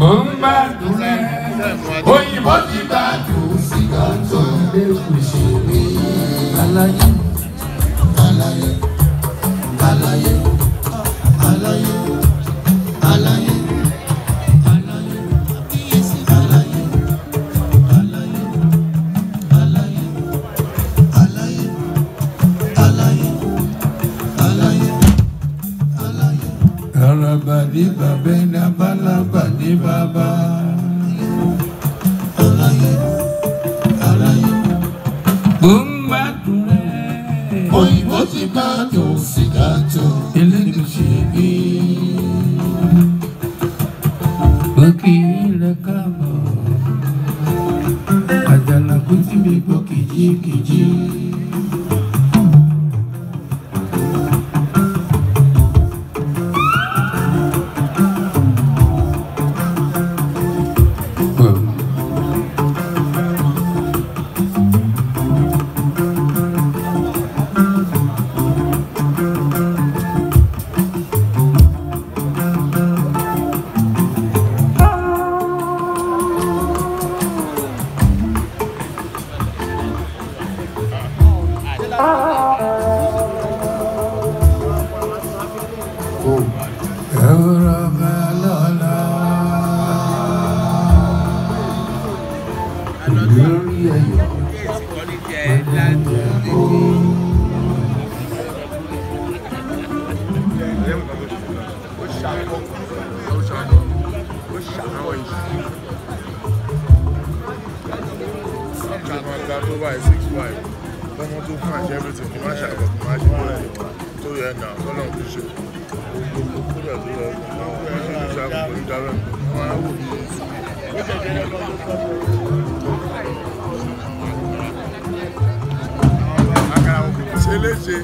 ó ń gbádùn rẹ̀ òyìnbó ti gbádùn sígá tó lé kùsù mi. aláyé aláyé aláyé aláyé aláyé. Arabadi babena ba bàbá. Aláyé aláyé. Ó ti gbádùn sìgá tó. Eléyìí ṣe bí. Mo kì í rẹ káàbọ̀. Àjànàkú lórí ayọ̀ ó. Tọ́mọ tó fún àṣẹ everything kí má ṣàkóso kí léṣe.